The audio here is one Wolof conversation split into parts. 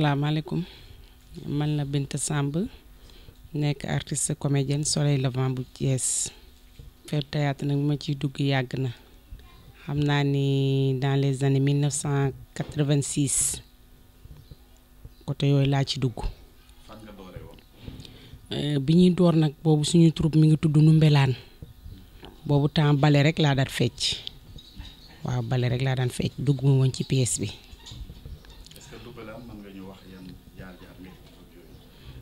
salaamaaleykum mën na bint Samb nekk artiste comédienne Soleil Levant bu Thiès. faire théâtre nag ma ciy dugg yàgg na xam naa ni dans les années 1986 côté yooyu laa ci dugg. Euh, bi ñuy door nag boobu suñu troupe mi ngi tudd nu mbelaan boobu temps bale rek laa daan fecc waaw bale rek laa daan fecc dugg ma ci pes bi.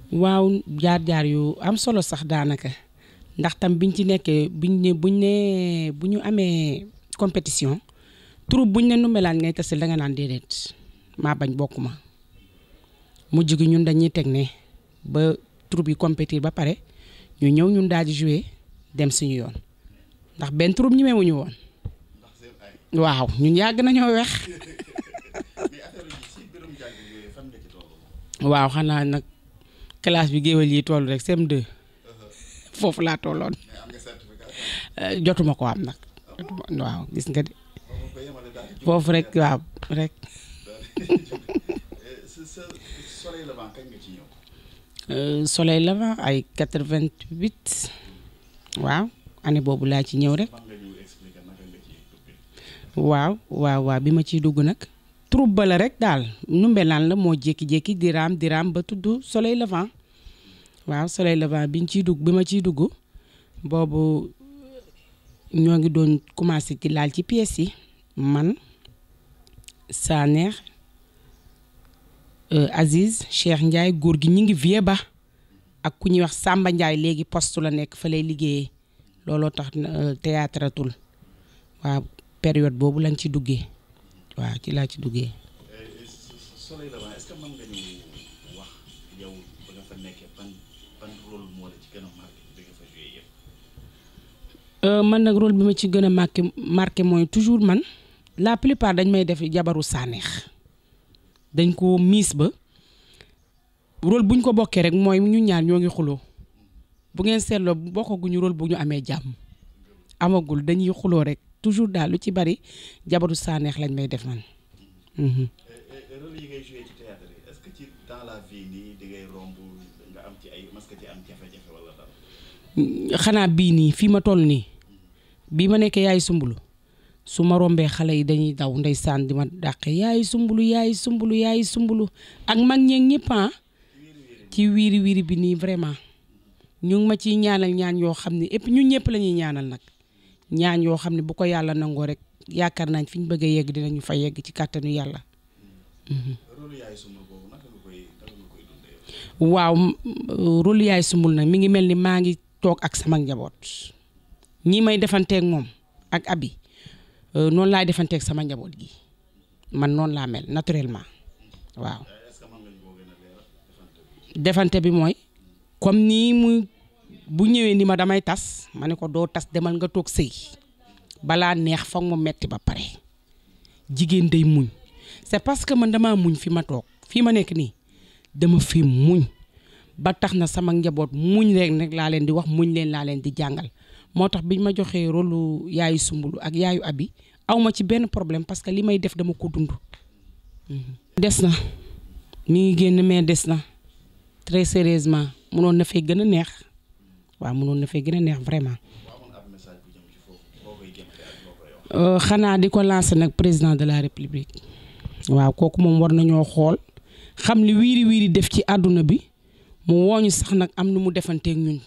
waaw jaar-jaar yu am solo sax daanaka ndax tam biñ ci nekkee buñ ne buñ ne bu ñu amee compétition troupe buñ ne numelaan ngay tasil danga naan déedéet maa bañ bokkuma mujj gi ñun dañuy teg ne ba troupe yi compétir ba pare ñu ñëw ñun daal di jouer dem suñu yoon ndax benn troupe ñemewuñu woon waaw ñun yàgg nañoo weex waaw xanaa nag classe bi géwél yi toll rek CM2 uh-huh. foofu laa tolloon eh, jotuma ko am nag waaw gis nga de foofu rek waaw rek. Eh, soleil levant kañ eh, ay quatre vingt waaw année boobu laa ci ñëw rek. waaw waaw waaw bi ma ciy dugg nag. troupe rek daal numbelaan la moo jékki-jékki di raam ba tudd soleil levant waaw soleil levant biñ ciy dugg bi ma ciy dugg boobu ñoo ngi doon commencé ci laal ci pièces yi man Saneex euh, Aziz Cheikh Ndiaye góor gi ñu ngi vie ba ak ku ñuy wax sàmba Ndiaye léegi poste la nekk fa lay liggéeyee looloo tax euh, théâtre atul waaw période boobu lañ ci duggee waaw ci laa ci duggee. Soleil euh, man nag rôle bi ma ci gën a marqué marqué mooy toujours man la plupart dañ may def jabaru sànneex dañ ko miis ba rôle buñ ko bokkee rek mooy ñu ñaar ñoo ngi xuloo bu ngeen seetloo bokkaguñu rol bu ñu amee jàmm amagul dañuy xuloo rek. toujours daal lu ci bari jabaru saaneex lañ may def man. Mhm. rôle xanaa bii nii fii ma toll nii bii ma nekkee yaay sumbulu su ma rombee xale yi dañuy daw ndey saan di ma dàqe yaay sumbulu yaay sumbulu yaay sumbulu ak mag ñeeg ñëpp ah, ci wiiri wiiri bi nii vraiment ñu ngi ma ciy ñaanal ñaan yoo xam ne épp ñu ñun ñëpp la ñaanal nag. ñaan yoo xam ne bu ko yàlla nangoo rek yaakaar naa fi ñu bëgg a yegg dinañu fa yegg ci kàttanu yàlla. waaw mhm. rôle yaay sumul nag mi ngi mel ni maa ngi toog ak sama njaboot ñi may defanteek moom ak abi euh, noonu laay defanteeg sama njaboot gi man noonu laa mel naturellement waaw. defante bi mooy comme nii muy bu ñëwee ni ma damay tas ma ne ko doo tas demal nga toog sëy balaa neex foog mu metti ba pare jigéen day muñ c'est parce que man dama muñ fi ma toog fii ma nekk nii dama fi muñ ba tax na sama njaboot muñ rek nag laa leen di wax muñ leen laa leen di jàngal moo tax biñ ma joxee rôlu yaayu sumbulu ak yaayu abi aw ma ci benn problème parce que li may def dama ko dund. Mhm. des na mi ngi génn mais des na très sérieusement munoon na fee gën a neex. waaw mënoon na fee gën a neex vraiment. Euh, xanaa di ko lancer nag président de la république waaw kooku moom war nañoo xool xam li wiiri wiiri def ci àdduna bi mu wooñu sax nag am nu mu defanteeg ñun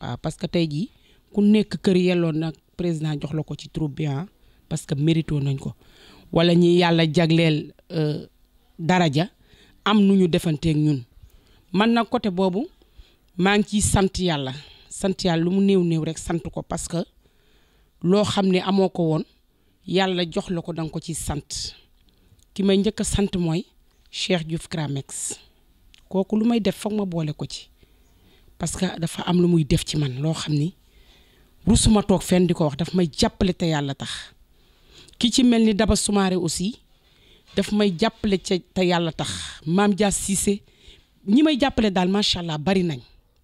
waaw parce que tey jii ku nekk kër yelloon nag président jox la ko ci troupe bi ah, parce que mérito nañ ko wala ñi yàlla jagleel euh, daraja am nu ñu defanteeg ñun man nag côté boobu maa ngi ciy sant yàlla sant yàlla lu mu néew néew rek sant ko parce que loo xam ne amoo ko woon yàlla jox la ko danga ko ci sant ki may njëkk a sant mooy Cheikh Diouf Kramex kooku lu may def foog ma boole ko ci parce que dafa am lu muy def ci man loo xam ni rusuma toog fenn di ko wax daf may jàppale te yàlla tax ki ci mel ni Daba Soumaré aussi daf may jàppale ca te yàlla tax Maam Dia Cissé ñi may jàppale daal macha allah bari nañ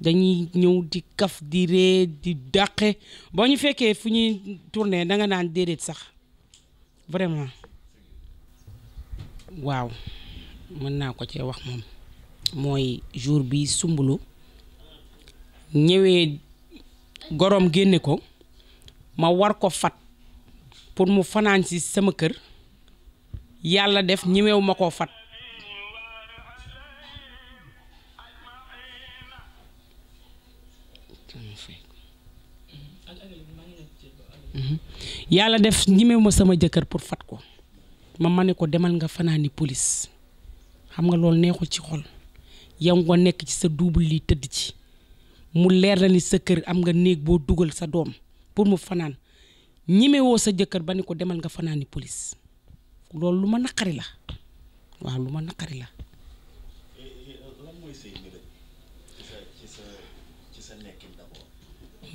dañuy ñëw di kaf di ree di dàqe boo ñu fekkee fu ñuy tourné da nga naan déedéet sax vraiment waaw mën naa ko cee wax moom mooy jour bi sumbulu ñëwee gorom génne ko ma war ko fat pour mu fanaan si sama kër yàlla def ñëwewuma ma koo fat yàlla def ñimewu ma sama jëkkër pour fat ko ma ma ne ko demal nga fanaani police xam nga loolu neexul ci xol yow nga nekk ci sa duubul lii tëdd ci mu leer la ni sa kër am nga néeg boo dugal sa doom pour mu fanaan ñimewoo sa jëkkër ba ni ko demal nga fanaani police loolu lu ma naqari la waaw lu ma naqari la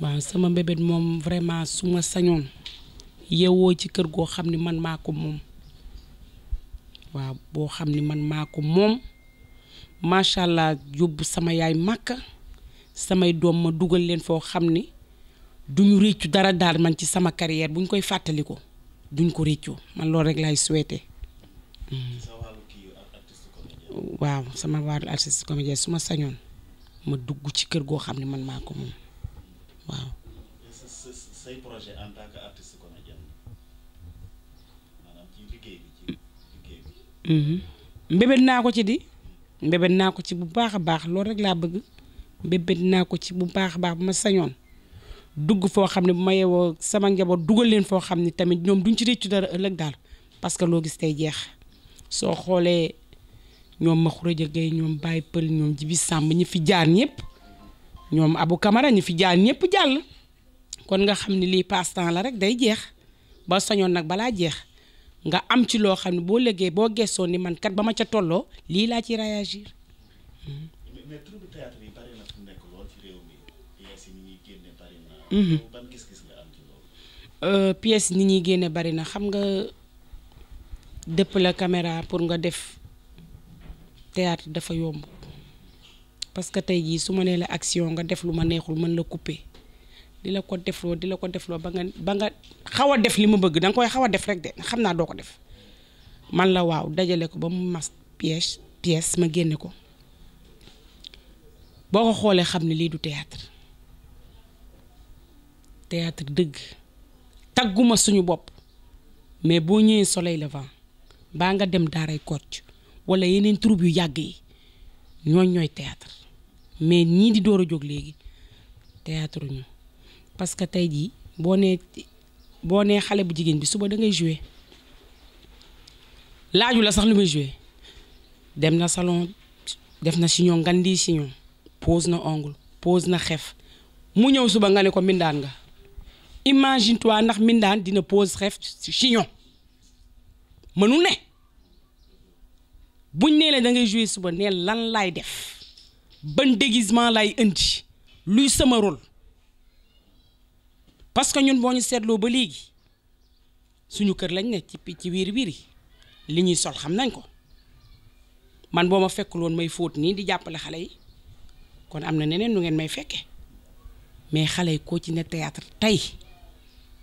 waaw sama mbébét moom vraiment su ma sañoon yewoo ci kër goo xam ni man maa ko moom waaw boo xam ni man maa ko moom macha allah yóbbu sama yaay màkka samay doom ma dugal leen foo xam ni duñu réccu dara daal man ci sama carrière buñ koy fàttali ko duñ ko réccu man loolu rek laay souhaité. Hmm. waaw sama wàllu artiste comédien su ma sañoon ma dugg ci kër goo xam ne man maa ko moom waaw. Mhm. mbébét naa ko ci di mbébét naa ko ci bu baax a baax loolu rek laa bëgg mbébét naa ko ci bu baax a baax bu ma sañoon dugg foo xam ne bu ma yeewoo sama njaboot dugal leen foo xam ni tamit ñoom duñ ci ci dara ëllëg daal parce que loo gis tey jeex soo xoolee ñoom ma xuraja gay ñoom bàyyi pël ñoom jibi sàmb ñi fi jaar ñépp ñoom abu kamara ñi fi jaar ñëpp jàll kon nga xam ni lii passe la rek day jeex ba sañoon nag balaa jeex nga am ci loo xam ne boo lëggee boo geesoon ni man kat ba ma ca tolloo lii laa ci réagir. mais troupe théâtre yi mhm. euh, ñuy génne bari na. xam nga dëpp la caméra pour nga def théâtre dafa yomb parce que tey jii su ma nee la action nga def lu ma neexul mën la couper. di la ko defloo di la ko defloo ba nga ba nga xaw a def li ma bëgg danga koy xaw a def rek de xam naa doo ko def man la waaw dajale ko ba mu mas pièce pièce ma génne ko boo ko xoolee xam ne lii du théâtre théâtre dëgg tagguma suñu bopp mais boo ñëwee soleil levant baa nga dem daaray kocc wala yeneen troupe yu yàgg yi ñooñ ñooy théâtre mais ñii di door a jóg léegi théâtre ñu parce que tey jii boo nee boo nee xale bu jigéen bi suba da ngay jouer laaju la sax lu muy jouer dem na salon def na chignon ngandi chignon pose na ongle pose na xef mu ñëw suba nga ne ko mindaan nga imagine toi ndax mindaan dina pose xef chignon mënul ne buñ nee la da ngay jouer suba neel lan laay def ban déguisement lay indi luy sama rôle parce que ñun boo ñu seetloo ba léegi suñu kër lañ ne ci ci wiir wiir yi li ñuy sol xam nañ ko man boo ma fekkul woon may fóot nii di jàppale xale yi kon am na neneen nu ngeen may fekke mais xale yi koo ci ne théâtre tey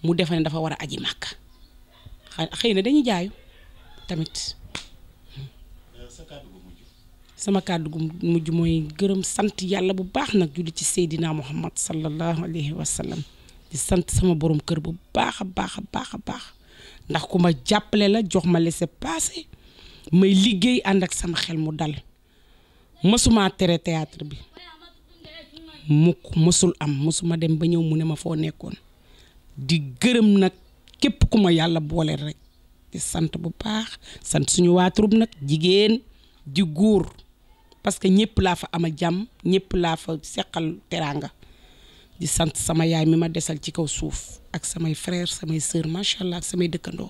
mu defe ne dafa war a aji màkk xëy na dañuy jaayu tamit sama kàddu gu mujj mooy gërëm sant yàlla bu baax nag julli ci seydinaa muhammad sallallahu alayhi wa sallam di sant sama borom kër bu baax a baax a baax a baax ndax ku ma jàppale la jox ma laisser paase may liggéey ànd ak sama xel mu dal mësuma tere théâtre bi mukk mësul am mësuma dem ba ñëw mu ne ma foo nekkoon di gërëm nag képp ku ma yàlla boole rek di sant bu baax sant suñu waa nag jigéen di góor parce que ñëpp laa fa am a jàmm ñëpp laa fa seqal teraanga di sant sama yaay mi ma desal ci kaw suuf ak samay frère samay sœur macha allah ak samay dëkkandoo.